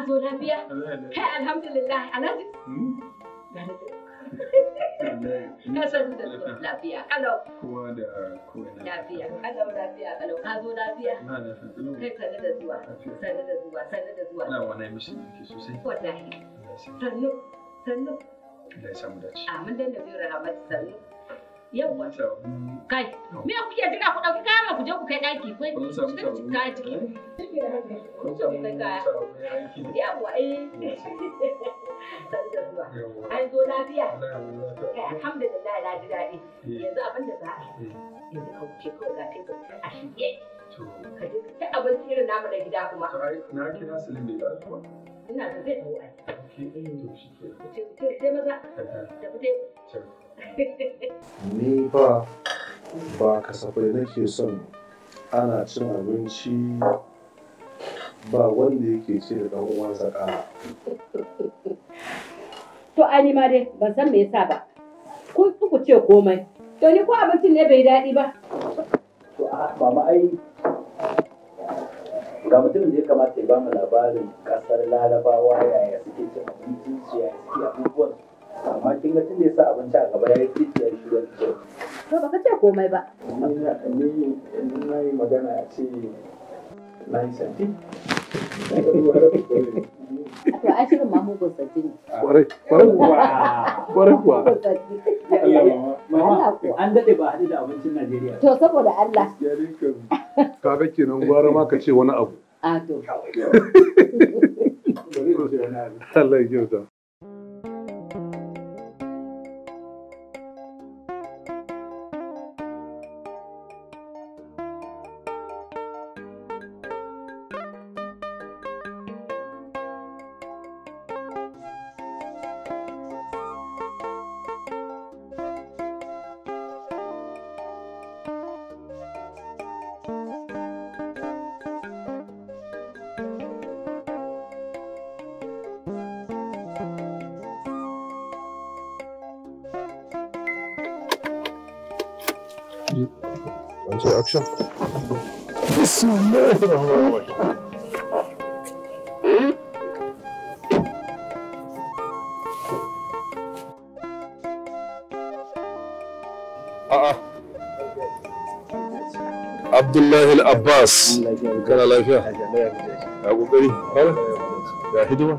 an zo lafiya? Kai alhamdulillah alhaji. Hmm? Ka san da lafiya kalau. Kowa da kowa lafiya. Kalau lafiya kalau ka zo lafiya. Kai sanu da zuwa. Sanu da zuwa sanu da zuwa. wani mishi sosai. Wallahi. Sannu sannu. Allah ya samu dace. Amin da nabi rahmat sannu. yawwa kai me kuke jira ku dauki kayan ku je ku kai daki kai kun samu sabu kai ciki yawwa eh zo lafiya kai alhamdulillah ji eh. yanzu abin da za a yi eh. yanzu ka wuce kawai ga a shige ka je ka ci abinci irin namu na gida kuma na kira silin da ina da zai ai. ce maza da Ni ba ba kasafai nake son ana cin abinci ba wanda yake ce da ɗan uwan To ani ma dai ban san me yasa ba. Kun ku ce komai. To ni ko abincin ne bai daɗi ba. To a mama ai ga mutumin da ya kamata ya ba mu labarin ƙasar larabawa yaya suke cin abinci yaya suke abubuwan amma kin ga tunda yasa abinci a gaba yayi titi yayi shigar kyau to baka ce komai ba ni na yi magana a ce na yi santi to kuwa an ba Najeriya saboda Allah kaga kenan gwara ma ka ce wani abu a to اكشن بسم الله الرحمن الرحيم عبد الله العباس كان الله يا ابو بري يا هدوه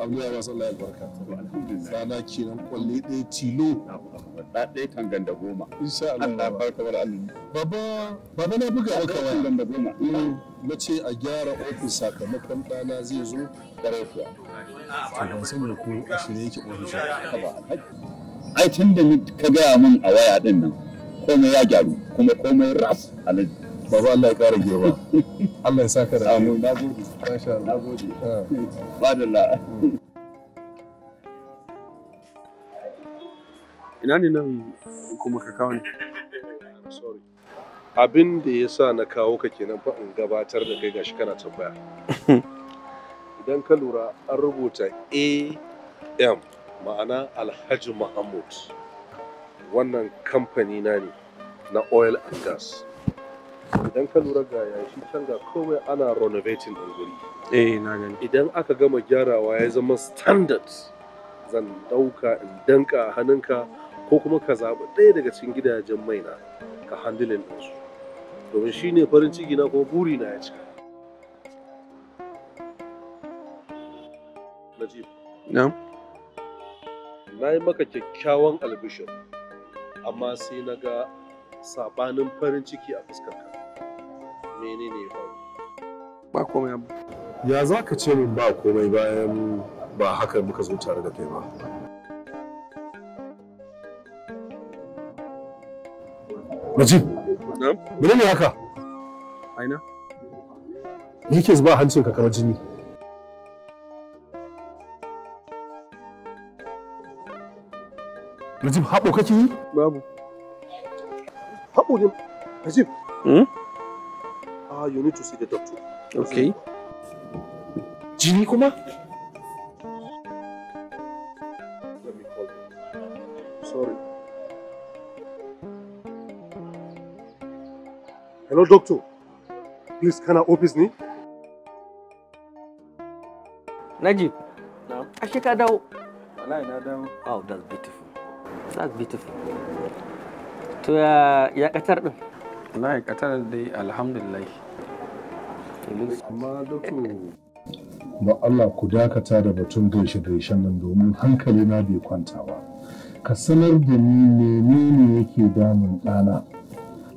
Allah ya sallah albarka sana kenan kwalle ɗaya tilo da ɗaya tangan da goma insha Allah barka wal alim baba baba na buga maka waya tangan da goma eh, na ce a gyara ofis sakamakon ɗana zai zo ƙarfiya to ban sani ko a shirye yake ofishin ai tun da ka gaya min a waya ɗin nan komai ya gyaru kuma komai raf a baba Allah ya kara girma Allah ya sa ka da na nagode masha Allah da la ina ne nan kuma ka kawo ne abin da ya sa na kawo ka kenan fa in gabatar da kai gashi kana tambaya idan ka lura an rubuta am ma'ana alhaji Mahmud wannan kamfani na ne na oil and gas idan ka lura ga yashi can ga kowai ana renovating din guri eh na gani idan aka gama gyarawa ya zama standard zan dauka in danka a hannunka ko kuma ka zaɓi ɗaya daga cikin gidajen maina ka handilin ɗinsu domin shi ne farin ciki na kuma buri na ya cika Najib. Na? Na yi maka kyakkyawan albishir, amma sai na ga sabanin farin ciki a fuskarka. menene ba ba komai abu ya za ka ce min ba komai bayan ba haka muka zo tare da kai ba Majid, mene ne haka? Aina. Yake zuba hancin ka kamar jini. Najib, haɓo kake yi? Babu. Haɓo ne, Najib. Hmm? uh, you need to see the doctor. Okay. Jini kuma? Let me call you. Sorry. Hello, doctor. Please, can I open his knee? Najib. No. Ashe ka dawo. Wallahi na dawo. Oh, that's beautiful. That's beautiful. To uh, ya ya katar din? Wallahi katar dai alhamdulillah. ba Allah ku dakata da batun gaishe-gaishen nan domin hankali na bai kwanta ba ka sanar da ni menene yake damun ɗana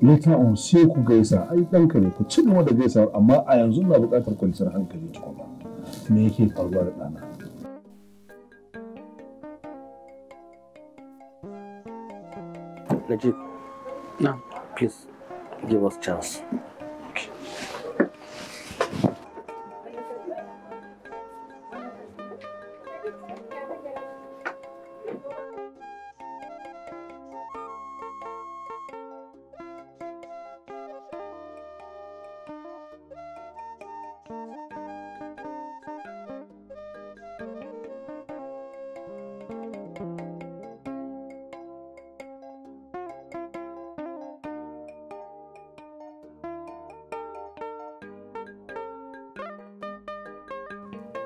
later on sai ku gaisa ai ɗanka ne ku ci gaba da gaisa amma a yanzu na buƙatar kwanciyar hankali tukuna me yake faruwa da ɗana Najib, no. please give us chance.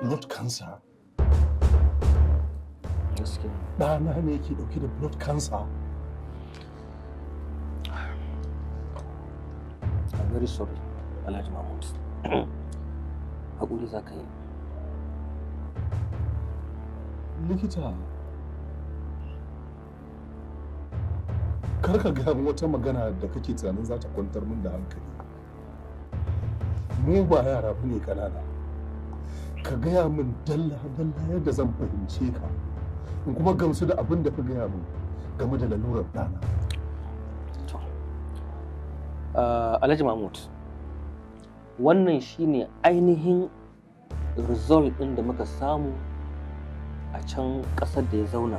blood cancer Nah, nah, kid. Okay, the blood cancer I'm very sorry I Alhaji Mahmud haƙuri za ka yi likita karka ga wata magana da kake tunanin za ta kwantar min da hankali mu ba yara bane kanana ka gaya min dalla dalla yadda zan fahimce ka in kuma gamsu da abin da ka gaya min game da lalurar ɗana. Ah, Alhaji Mahmud, wannan shine ainihin result ɗin da muka samu a can ƙasar da ya zauna.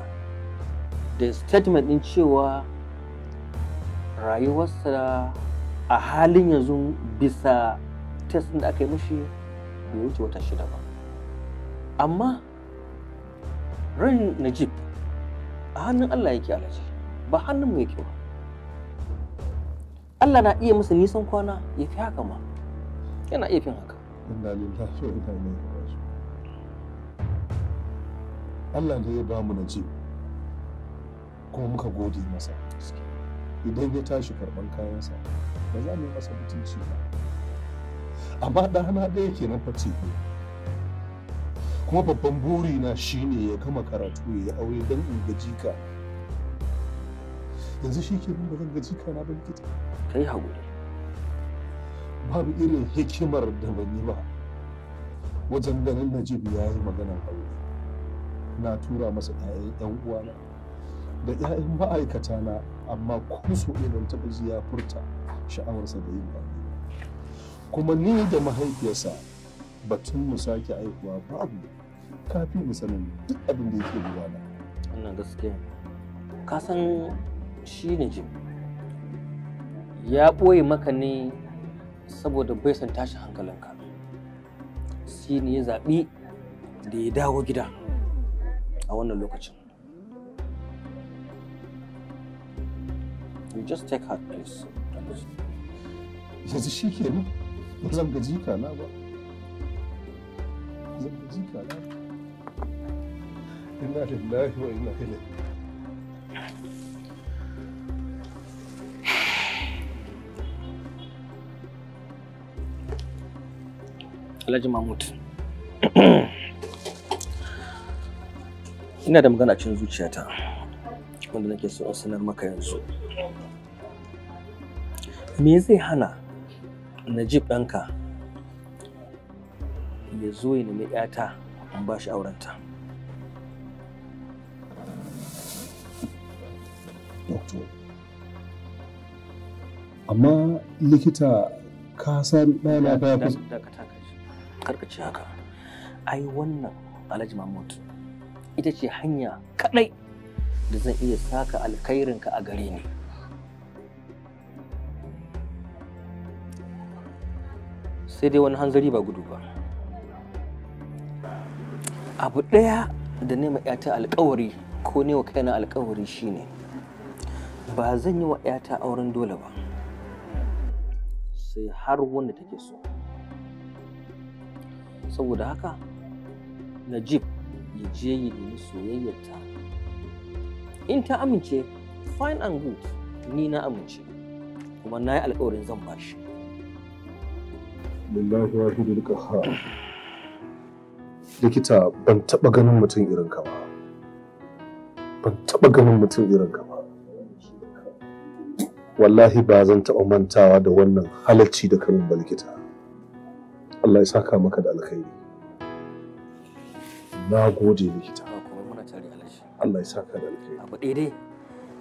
Da statement ɗin cewa rayuwarsa a halin yanzu bisa test da aka yi mashi bai wuce wata shida ba. amma ran najib a hannun allah yake alaji ba hannun mai yake ba allah na iya masa nisan kwana ya fi haka ma yana iya fin haka allah ne ya ba mu najib kuma muka gode masa idan ya tashi karban kayansa ba za mu yi masa mutunci ba amma ɗana ɗaya kenan fa ce kuma babban buri na shine ya kama karatu ya aure don in gaji ka yanzu shi ke ba zan gaji ka na ba likita kai haƙuri babu irin hikimar da ban yi ba wajen ganin najib ya yi maganar aure na tura masa 'ya'yan 'yan uwana da 'ya'yan ma'aikata na amma kun so ban taɓa ya furta sha'awarsa da yin aure kuma ni da mahaifiyarsa batun mu sake aihuwa babu ka fi mu sanin duk abin da yake na. wannan gaskiya ka san shi ne jim ya ɓoye maka ne saboda bai san tashi hankalinka shi ne ya zaɓi da ya dawo gida a wannan lokacin you just take heart please yanzu shi ke nan zan gaji ka na ba zan gaji ka na inna Alhaji Mahmud. Ina da magana cikin zuciyata wanda nake so in sanar maka yanzu. Me zai hana Najib ɗanka ya zo ya nemi 'yata in ba shi aurenta? doctor amma likita ka san ɗana ta fi karka haka ai wannan alhaji mahmud ita ce hanya kaɗai da zan iya saka alkhairinka a gare ni sai dai wani hanzari ba gudu ba abu ɗaya da nema 'yata alkawari ko ne wa kaina alkawari shine ba zan yi wa 'yata auren dole ba sai har wanda take so saboda haka najib ya je ya nemi soyayyarta in ta amince fine and good ni na amince kuma na yi alkawarin zan ba shi. lillahi wa fi likita ban taba ganin mutum irin ka ba ban taba ganin mutum irin ka ba wallahi ba zan taɓa mantawa da wannan halacci da karin balikita Allah ya saka maka da alkhairi na gode likita Allah ya saka da alkhairi abu daidai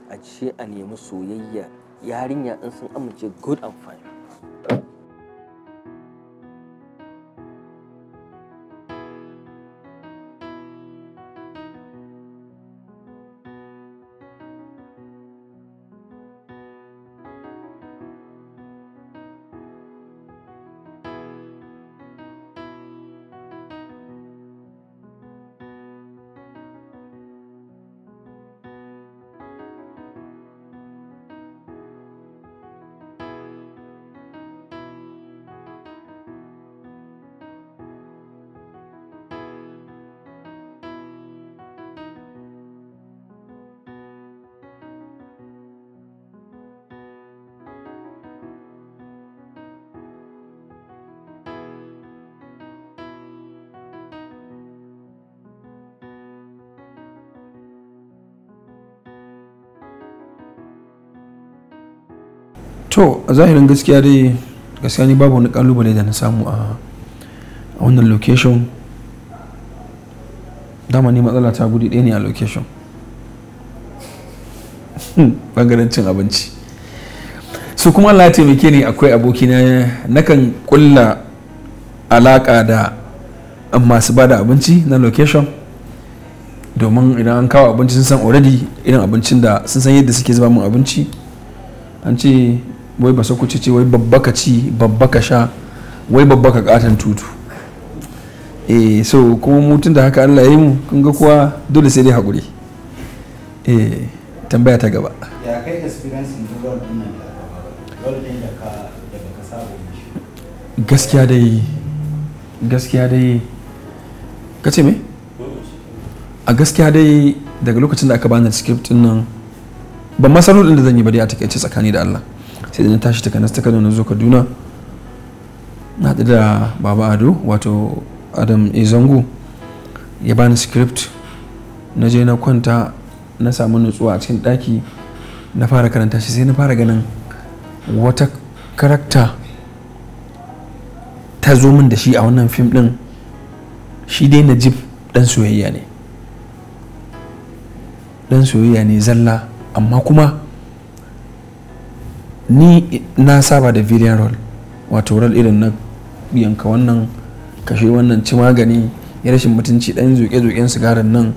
a ce a nemi soyayya yarinya in sun amince good and fine to a zahirin gaskiya dai gaskiya ni babu wani kalubale da na samu a wannan location dama ne matsala ta gudu ɗaya ne a location bangaren cin abinci su kuma Allah taimake ni akwai abokina nakan kulla alaka da masu bada abinci na location domin idan an kawo abinci sun san already irin abincin da sun san yadda suke zuba mun abinci an ce wai ba sakuci ce wai babba ka ci babba ka sha wai babba ka katon tutu e so kuma mutun da haka Allah ya yi mu kun ga kuwa dole sai dai hakuri e eh, tambaya ta gaba ya kai gaskiya dai gaskiya dai ka ce me a gaskiya dai daga lokacin da aka bani script nan ban ma da zan yi ba dai a takaice tsakani da Allah sai na tashi takanas ta kano na zo kaduna na haɗu da baba ado wato adam izangu ya bani script na je na kwanta na samu nutsuwa a cikin ɗaki na fara karanta shi sai na fara ganin wata karakta ta zo min da shi a wannan fim ɗin shi dai najib ɗan soyayya ne ɗan soyayya ne zalla amma kuma ni na saba da video roll wato roll irin na yanka wannan kashe wannan ci magani ya rashin mutunci dan zuke-zuken sigarin nan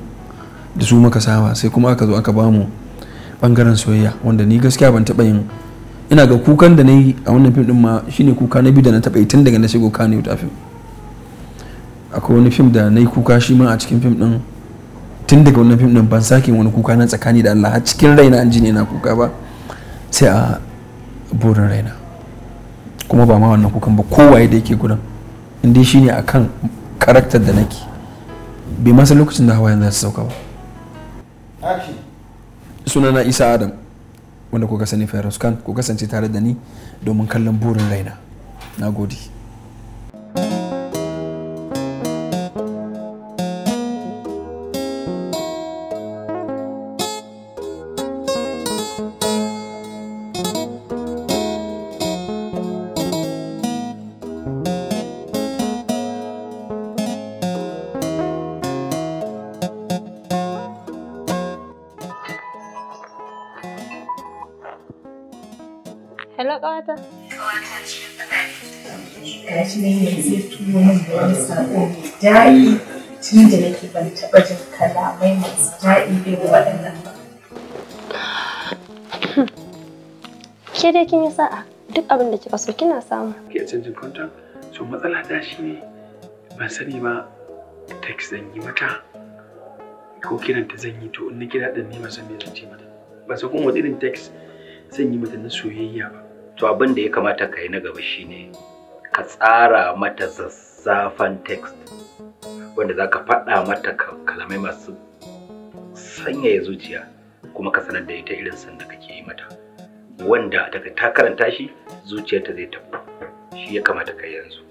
da su maka saba sai kuma aka zo aka bamu bangaren soyayya wanda ni gaskiya ban taɓa yin ina ga kukan da na yi a wannan fim din ma shine kuka na biyu da na taɓa yi tun daga na shigo kano ta fim akwai wani fim da na yi kuka shi ma a cikin fim din tun daga wannan fim din ban sake wani kuka na tsakani da Allah har cikin raina an ji ne na kuka ba sai a burin raina kuma ba ma wannan kukan ba kowaye da yake gudan inda shi ne a kan karaktar da nake bai masa lokacin da hawayen za su sauka ba sunana isa adam wanda kuka sani ku kasance tare da ni domin kallon burin raina na gode ƙawata. yanzu da wani Ke kin yi sa'a duk abin da kika so kina samu. Ke canjin kwantan so matsala ta shi ne ban sani ba text zan yi mata ko kiranta zan yi to in na kira ɗan ne ba san me zan ce mata. Ba sai kuma irin text zan yi mata na soyayya ba to abin da ya kamata ka yi na gaba shine ka tsara mata zazzafan text wanda za ka faɗa mata kalamai masu sanyaya zuciya kuma ka sanar da ita irin san da kake yi mata wanda daga ta karanta shi zuciyarta zai tafi shi ya kamata ka yanzu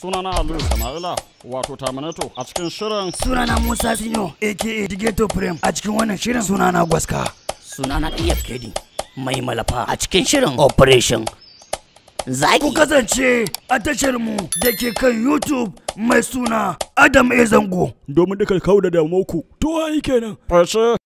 sunana Aliyu Sama'ila wato Taminato a cikin shirin sunana Musa Sinyo aka Digeto Prem a cikin wannan shirin sunana Gwaska sunana Kedi mai malafa a cikin shirin Operation Zaki ku kasance a tashar mu da ke kan YouTube mai suna Adam zango. domin duka kawo da damuwa ku to kenan